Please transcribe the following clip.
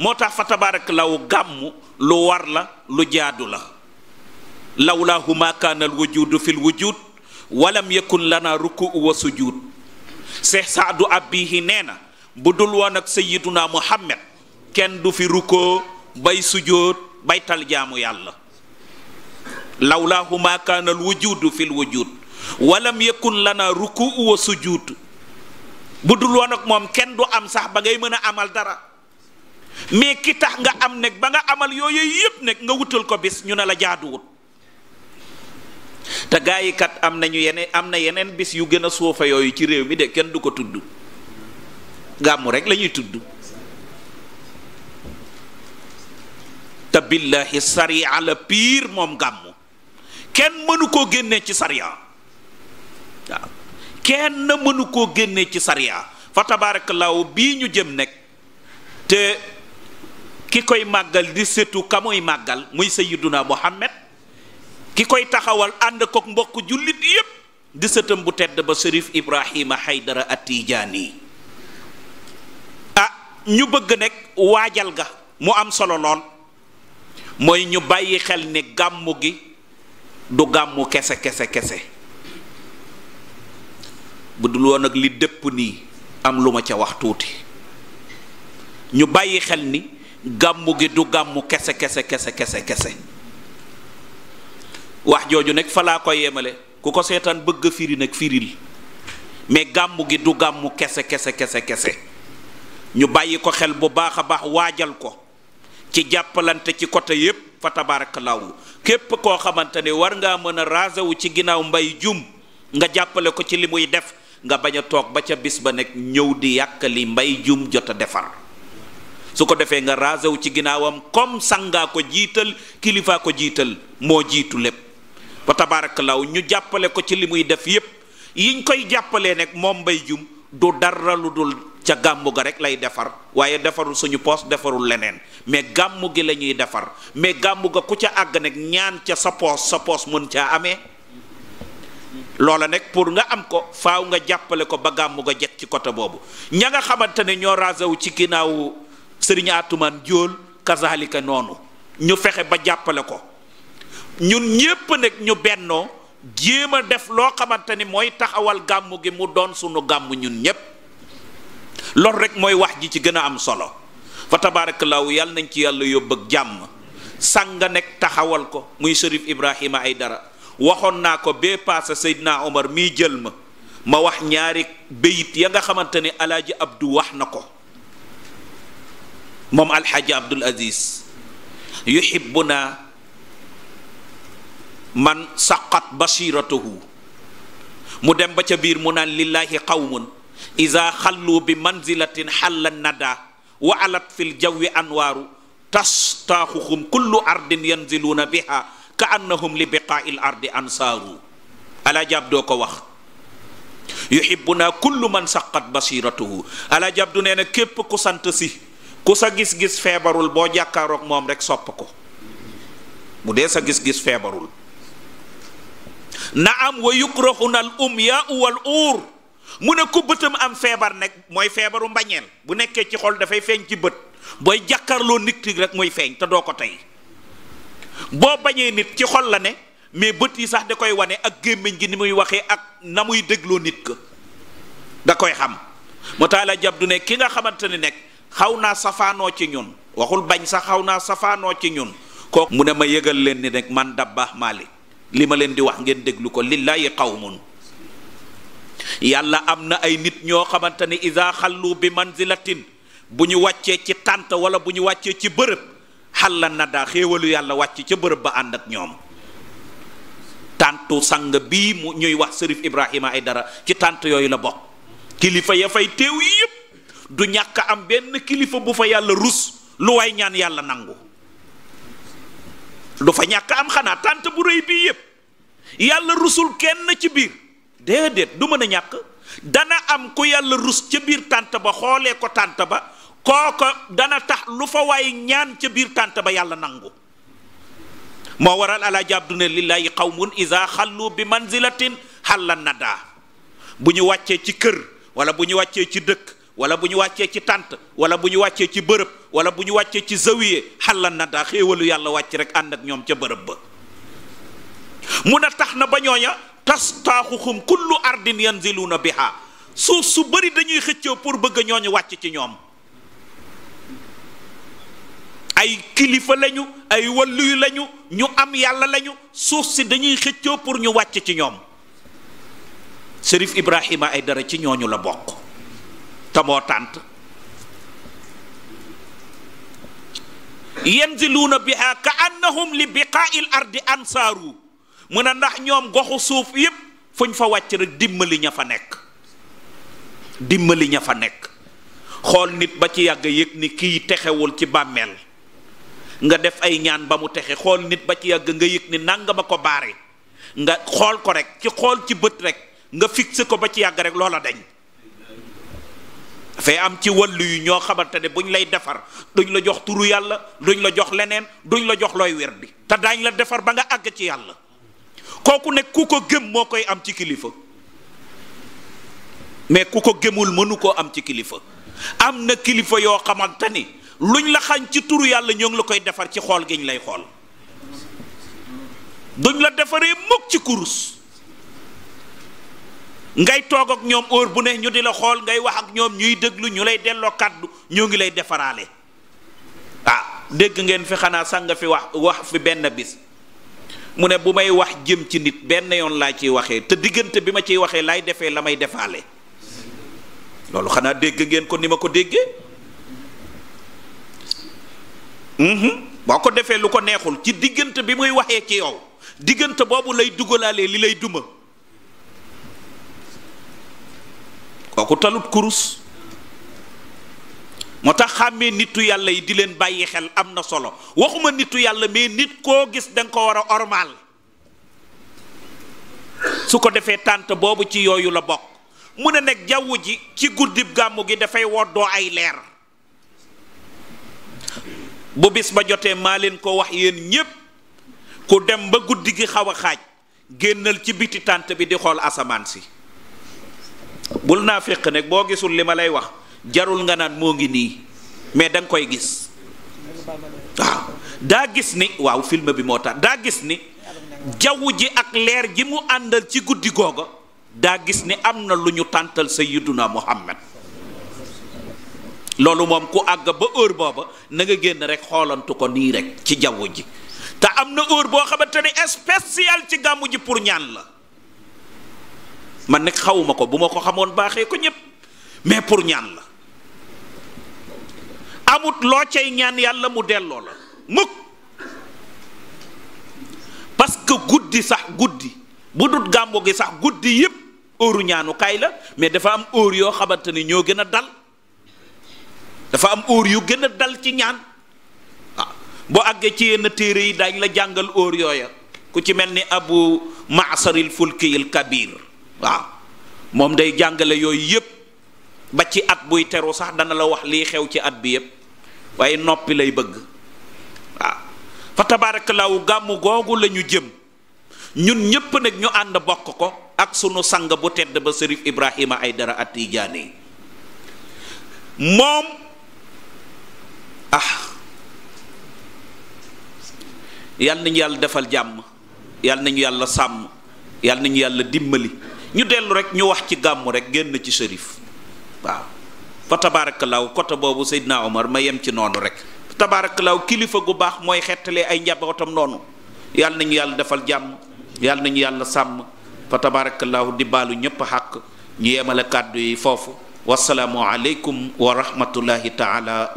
moo tax fa law gàmmu lu war la lu jaadu la lawlaahu maa kaana al wujudu fi l wujud walam yakun lana ruku wa sujud seex saadu abbihi nee na bu dul woon ak sayiduna muhammad kenn du fi rukkoo bay sujjóot bay jaamu yàlla lawlaahu maa kaana al wujudu fil l wujud walam yakun lana ruku wa sujud bu dul woon ak moom kenn du am sax ba ngay mën a amal dara mais ki tax nga am nag ba nga amal yooyu yëpp nekk nga wutal ko bis ñu ne la jaaduwut te gaa yi kat am nañu yeneen am na yeneen bis yu gën a suufa yooyu ci réew mi de kenn du ko tudd gàmmu rekk lañuy tudd te billahi sariya la pire moom gàmmu kenn mënu koo génnee ci sariya waaw kenn mënu koo génnee ci sariya fa tabaarakallaahu bii ñu jëm nekk te ki koy màggal di setu ka muy màggal muy sayyiduna Muhammad ki koy taxawal ànd kook mbokk jullit yépp di sëtam bu tedd ba Serif Ibrahima Haydara Atijaani ah ñu bëgg nekk waajal ga mu am solo lool mooy ñu bàyyi xel ni gàmmu gi du gàmmu kese kese kese bu dul woon ak li dëpp nii am lu ma ca wax tuuti ñu bàyyi xel ni gàmmu gi du gàmmu kese kese kese kese kese wax jooju nag fa laa ko yemale ku ko seetaan bëgg a firi nag firil mais gàmmu gi du gàmmu kese kese kese kese ñu bàyyi ko xel bu baax a baax waajal ko ci jàppalante ci côté yépp fa tabaarakallaahu képp koo xamante ne war ngaa mën a rasewu ci ginnaaw mbay jum nga jàppale ko ci li muy def nga bañ a toog ba ca bis ba nekk ñëw di yàkkali mbay jum jot a defar su ko defee nga raase wu ci ginnaawam comme sangaa ko jiital kilifaa ko jiital moo jiitu lépp ba law ñu jàppale ko ci li muy def yépp yiñ koy jàppalee nag moom mbay jum du dara lu dul ca gàmmu ga rek lay defar waaye defarul suñu poos defarul leneen mais gàmmu gi la ñuy defar mais gàmmu ga ku ca àgg nag ñaan ca sa poos sa poos mën caa amee loola nag pour nga am ko faaw nga jàppale ko ba gàmmu ga jekk ci côté boobu ña nga xamante ñoo rasewu ci sëriñ Atumaan Jóol kasalika noonu ñu fexe ba jàppale ko ñun ñépp nekk ñu bennoo jéem a def loo xamante ni mooy taxawal gàmm gi mu doon sunu gàmm ñun ñépp loolu rek mooy wax ji ci gën a am solo fa tabaarakallaahu yàlla nañ ci yàlla yóbbu jàmm jàmm sànga nekk taxawal ko muy Cherif Ibrahima dara waxoon naa ko bee paase Seydina Omar mii jël ma ma wax ñaari béyit ya nga xamante ni alaaji Abdu wax na ko moom alxaaji abdul aziz yuhibbuna man saqat basiratuhu mu dem ba ca biir mu naan lillaahi qawmun iza xallu bi manzilatin xalla nada wa alat fil jawwi anwaaru tastaaxuhum kullu ardin yanziluuna biha ka annahum li biqaail ardi ansaaru alaajab doo ko wax yuhibbuna kullu man saqat basiratuhu alaajab du nee na képp ku sant si ku sa gis-gis feebarul boo jàkkaarook moom rek sopp ko bu dee sa gis-gis feebarul na am wa yukrahuna al umya wal uur mu ne ko bëtam am feebar nekk mooy feebaru mbañeel bu nekkee ci xol dafay feeñ ci bët booy jàkkaarloo nit ki rek muy feeñ te doo ko tey boo bañee nit ci xol la ne mais bët yi sax da koy wane ak gémmiñ gi ni muy waxee ak na muy dégloo nit ka da koy xam mu taala jab du ne ki nga xamante ni nekk xaw naa safaanoo ci ñun waxul bañ sax xaw naa safaanoo ci ñun kooku mu ne ma yëgal leen ni rek man Dabakh Malick li ma leen di wax ngeen déglu ko lillaahi qawmun yàlla am na ay nit ñoo xamante ni iza xallu bi manzilatin bu ñu wàccee ci tànt wala bu ñu wàccee ci bërëb xalla na daa xéewalu yàlla wàcc ca bërëb ba ànd ak ñoom tàntu sang bii mu ñuy wax sërif Ibrahima dara ci tànt yooyu la bokk kilifa ya fay teew yépp du ñàkk am benn kilifa bu fa yàlla rus lu waay ñaan yàlla nangu du fa ñàkk am xanaa tànt bu rëy bii yépp yàlla rusul kenn ci biir déedéet du mën a ñàkk dana am ku yàlla rus ca biir tànt ba xoolee ko tànt ba kooka dana tax lu fa waay ñaan ca biir tànt ba yàlla nangu moo waral alaaji abdu ne xaw qawmun isa xallu bi manzilatin xàlla nadaa bu ñu wàccee ci kër wala bu ñu wàccee ci dëkk wala bu ñu wàccee ci tànt wala bu ñu wàccee ci bërëb wala bu ñu wàccee ci zawiye xàllan na daa xéewalu yàlla wàcc rek ànd ak ñoom ca bërëb ba mun a tax na ba ñooña tastaaxuxum kullu ardin yanziluuna biha suuf su bëri dañuy xëccoo pour bëgg ñooñu wàcc ci ñoom ay kilifa lañu ay walluyu lañu ñu am yàlla lañu suuf si dañuy xëccoo pour ñu wàcc ci ñoom Serif Ibrahima dara ci ñooñu la bokk tamoo tànt yanziluuna biha ka annahum li biqaail ardi ansaaru mu ne ndax ñoom goxu suuf yépp fu ñu fa wàcc rek dimbali ña fa nekk dimbali ña fa nekk xool nit ba ci yàgg yëg ni kii texewul ci bàmmeel nga def ay ñaan ba mu texe xool nit ba ci yàgg nga yëg ni nangama ko baare nga xool ko rekk ci xool ci bët rekk nga fixé ko ba ci yàgg rek loola deñ dafay am ci wàllu yu ñoo xamante ne buñ lay defar duñ la jox turu yàlla duñ la jox leneen duñ la jox looy wér bi te daañ la defar ba nga àgg ci yàlla kooku ne ku ko gëm moo koy am ci kilifa mais ku ko gëmul mënu koo am ci kilifa am na kilifa yoo xamante ni luñ la xañ ci turu yàlla ñoo ngi la koy defar ci xool giñ lay xool duñ la defaree mukk ci kurus ngay toog ak ñoom óor bu ne ñu di la xool ngay wax ak ñoom ñuy déglu ñu lay delloo kàddu ñoo ngi lay defaraale ah dégg ngeen fi xanaa sànga fi wax wax fi benn bis mu ne bu may wax jëm ci nit benn yoon laa ciy waxee te diggante bi ma ciy waxee laay defee la may defaale loolu xanaa dégg ngeen ko ni ma ko déggee mhm. boo ko defee lu ko neexul ci diggante bi muy waxee ci yow diggante boobu lay dugalaale li lay duma kooku talut kurus moo tax xàmmee nitu yàlla yi di leen bàyyi xel am na solo waxuma nitu yàlla mais nit koo gis da nga ko war a ormaal su ko defee tànt boobu ci yooyu la bokk mu ne nag jaww ji ci guddi gàmmu gi dafay woddoo ay leer bu bis ba jotee maa leen ko wax yéen ñépp ku dem ba guddi gi xaw a xaaj génnal ci biti tànt bi di xool asamaan si bul naa féq nag boo gisul li ma lay wax jarul nga naan moo ngi nii mais danga koy gis waaw daa gis ni waaw film bi moo tax daa gis ni jaww ji ak leer ji mu àndal ci guddi googa daa gis ni am na lu ñu tàntal sa sayyiduna Muhammad loolu moom ku àgg ba ër booba na nga génn rek xoolantu ko nii rek ci jaww ji te am na heure boo xamante ni spécial ci gàmmu ji pour ñaan la man nag xawuma ko bu ma ko xamoon baaxee ko ñépp mais pour ñaan la amut loo cay ñaan yàlla mu delloo la mukk parce que guddi sax guddi bu dut gàmbo gi sax guddi yépp óoru ñaanukaay la mais dafa am óor yoo xamante ni ñoo gën a dal dafa am óor yu gën a dal ci ñaan ah, boo àggee ci yenn téere yi daañ la jàngal óor yooya ku ci mel ni abu maasaril fulkiyil kabir waaw moom day jàngale yooyu yépp ba ci at buy teru sax dana la wax lii xew ci at bi yépp waaye noppi lay bëgg waaw fa tabaarakallaahu googu lañu jëm ñun ñépp nag ñu ànd bokk ko ak sunu sang bu tedd ba sërif Ibrahima Aydara Atijaani moom ah yal nañu yàlla defal jàmm yal nañu yàlla sàmm yal nañu yàlla dimbali ñu dellu rek ñu wax ci gàmmu rek génn ci sërif waaw fa tabaarakallaahu côté boobu Seydina Omar ma yem ci noonu rek tabaarakallaahu kilifa gu baax mooy xettalee ay njabootam noonu yàlla nañu yàlla defal jàmm yàlla nañu yàlla sàmm fa tabaarakallaahu di baalu ñépp xàq ñu yemale kàddu yi foofu wasalaamu aleykum wa rahmatullahi taala